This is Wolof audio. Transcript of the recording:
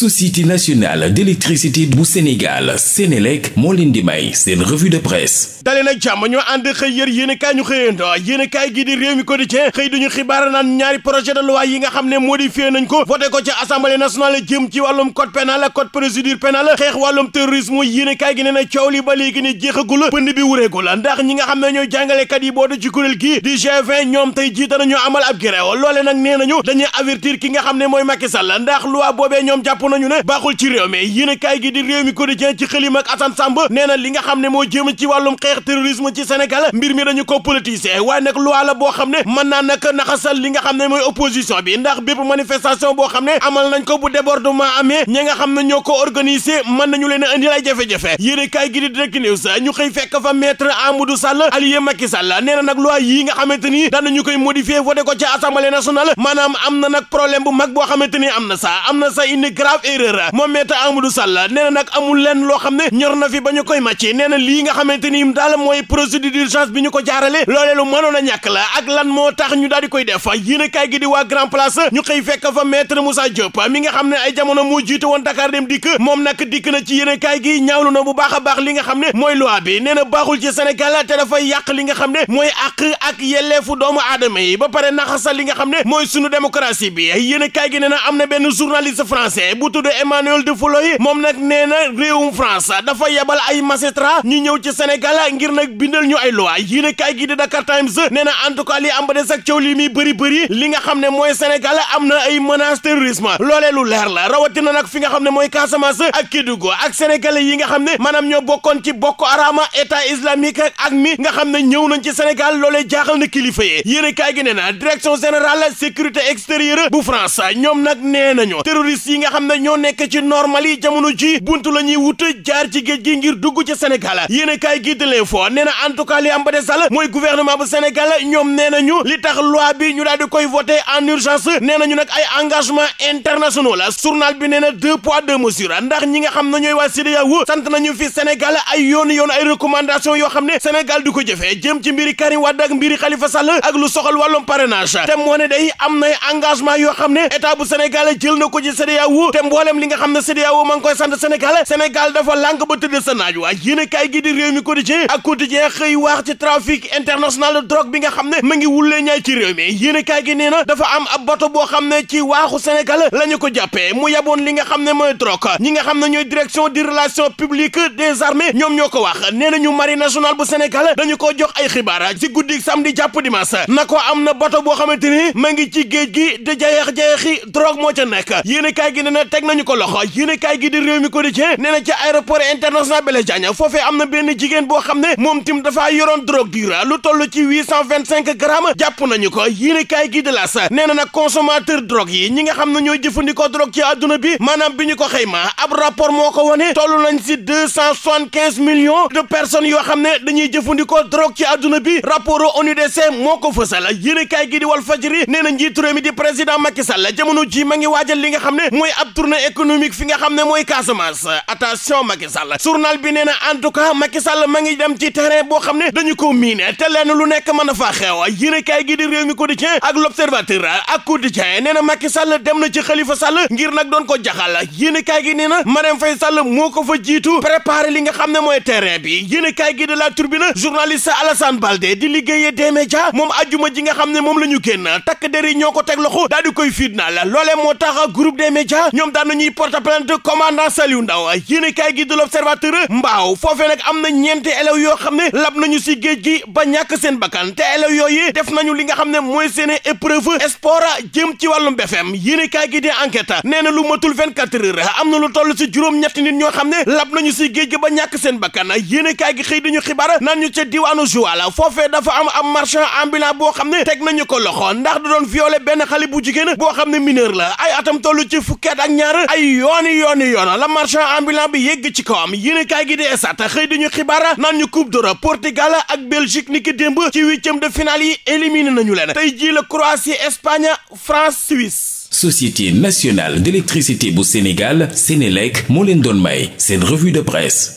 société nationale d'électricité bu Sénégal Sénélec moo leen di may de presse dalee jàmm ñoo ànd xëy yër yéen i ñu xëyando yéen i kaay gi di réew mi quotidien xëy duñu xibaar naan ñaari projet de loi yi nga xam ne modifié nañ ko voté ko ci assemblée nationale jëm ci wàllum code pénal code procédure pénale xeex wàllum terrorisme yéen i gi ne na coow li ba léegi ne jeexagul pënd bi wureegul ndax ñi nga xam ne ñooy jàngalekat yi nañu ne baaxul ci réew mi yéen kaay gi di réew mi quotidien ci xëlim ak Assane Samb neena na li nga xam ne moo jëm ci wàllum xeex terrorisme ci Sénégal mbir mi dañu ko politiser waaye nag loi la boo xam ne mën naa nag naxasal li nga xam ne mooy opposition bi ndax bépp manifestation boo xam ne amal nañ ko bu débordement amee ñi nga xam ne ñoo ko organiser mën nañu leen a indi lay jafe-jafe yéen kaay gi di direct sa ñu xëy fekk fa maître Amadou Sall allié Macky Sall nee na nag loi nga xamante ni daanañu koy modifier voté ko ci assemblée nationale maanaam am na problème bu mag boo xamante ni am na sa am na sa indi ab erreur moom maître Amadou Sall nee na nag amu lenn loo xam ne ñor na fi ba ñu koy màcc nee na lii nga xamante ni daal mooy procédure d'urgence bi ñu ko jaarale loolee lu mënoon a ñàkk la ak lan moo tax ñu daal di koy def yéen a kaay gi di waa grand place ñu xëy fekk fa maître Moussa Diop mi nga xam ne ay jamono moo jiite woon Dakar dem dikk moom nag dikk na ci yéen a kaay gi ñaawlu na bu baax a baax li nga xam ne mooy loi bi nee na baaxul ci Sénégal te dafay yàq li nga xam ne mooy àq ak yelleefu doomu aadama yi ba pare naxasal li nga xam ne mooy sunu démocratie bi yéen a kaay gi nee am na benn journaliste français bu bu tudd Emmanuel de Fuloy moom nag nee na réewum France dafa yebal ay magistrat ñu ñëw ci Sénégal ngir nag bindal ñu ay loi yéen a kaay gi di Dakar Times nee na en tout cas li am ba des ak coow li muy bëri bëri li nga xam ne mooy Sénégal am na ay menace terrorisme loolee lu leer la rawatina nag fi nga xam ne mooy Casamance ak Kédougou ak sénégalais yi nga xam ne maanaam ñoo bokkoon ci Boko Haram état islamique ak mi nga xam ne ñëw nañ ci Sénégal loole jaaxal na kilifa yi yéen na direction générale sécurité extérieure bu France ñoom nag nee nañu terroristes yi nga xam ñoo nekk ci nord Mali jamono ji buntu la ñuy wut jaar ci géej gi ngir dugg ci Sénégal yéen a kaay gi de l'info nee na en tout cas li am ba desal mooy gouvernement bu Sénégal ñoom nee nañu li tax loi bi ñu daal di koy voté en urgence nee nañu nag ay engagement internationaux la journal bi nee na deux poids deux ndax ñi nga xam ne ñooy waa CEDEAO na ñu fi Sénégal ay yoon yoon ay recommandation yoo xam ne Sénégal du ko jëfee jëm ci mbiri Karim Wade ak mbiri xalifa Sall ak lu soxal wàllum parrainage te moo ne am nay engagement yoo xam ne état Sénégal jël na ko ci CEDEAO te mboolem li nga xam ne CEDEAO ma koy sant Sénégal Sénégal dafa lànk ba tëdd sa naaj waay yéen a kaay gi di réew mi quotidien ak quotidien xëy wax ci trafic international de drogue bi nga xam ne ma ngi wullee ñaay ci réew mi yéen a kaay gi nee na dafa am ab bato boo xam ne ci waaxu Sénégal la ñu ko jàppee mu yaboon li nga xam ne mooy drogue ñi nga xam ne ñooy direction des relations publiques des armées ñoom ñoo ko wax nee na ñu mari nationale bu Sénégal dañu ko jox ay xibaar ci guddi samedi jàpp dimanche na ko am na bato boo xamante ni ma ngi ci géej gi de jayeex jayeexi drogue moo ca nekk yéen a gi nee na teg nañu ko loxo yéenekaay gi di réew mi quotidien nee na ci aéroport international Blaise Diagne am na benn jigéen boo xam ne moom tim dafaa yoroon drogue dure lu toll ci huit cent vingt cinq grammes jàpp nañu ko yéenekaay gi di L'As nee na nag consommateur drogue yi ñi nga xam ne ñoo jëfandikoo ci àdduna bi maanaam bi ñu ko xëyma ab rapport moo ko wane toll nañ si deux cent soixante quinze millions de personnes yoo xam ne dañuy jëfandikoo drogue ci àdduna bi rapport ONUDC moo gi di Walf nee na njiitu réew mi di président Macky jamono ji ma ngi waajal li nga xam ne mooy ab tournée économique fi nga xam ne mooy Casamance attention Macky Sall journal ne a faa xew yéene kaay gi di réew mi quotidien ak na Macky Sall dem nag doon ko jaxal yéene kaay gi na Marème Faye ko fa jiitu préparé xam ne mooy terrain bi yéene kaay gi de la Tribune journaliste Alassane Balde di liggéeyee des médias moom ajuma ji nga xam ne moom la ñu génn takk der yi ñoo ko teg loxo daal di koy fitnaal loolee moo tax groupe des médias ñoom ñoom daan nañuy porte plainte commandant Saliou Ndao yéenekaay gi de l'Observateur mbaaw foofee nag am na ñeenti élèves yoo xam ne lab ñu si géej gi ba ñàkk seen bakkan te élèves yooyu def nañu li nga xam ne mooy seen épreuve sport jëm ci wàllum BFM yéenekaay gi di enquête nee na lu matul 24 heures am na lu toll si juróom-ñetti nit ñoo xam ne lab ñu si géej gi ba ñàkk seen bakkan yéenekaay gi xëy diñu xibaar naan ñu ca diwaanu Joal foofee dafa am am marchand ambulant boo xam ne teg nañu ko loxo ndax da doon violer benn xale bu jigéen boo xam ne mineur la ay atam toll ci fukki ak ñaar ay yooni yooni yoona la marchand ambulant bi yegg ci kawam yéen kaay gi di esat xëy di ñu xibaar naan ñu coupe d'Europe Portugal ak Belgique ni ki démb ci huitième de finale yi éliminé nañu leen tey jii la Croatie Espagne France Suisse Société nationale d'électricité bu Sénégal Sénélec moo leen doon may seen revue de presse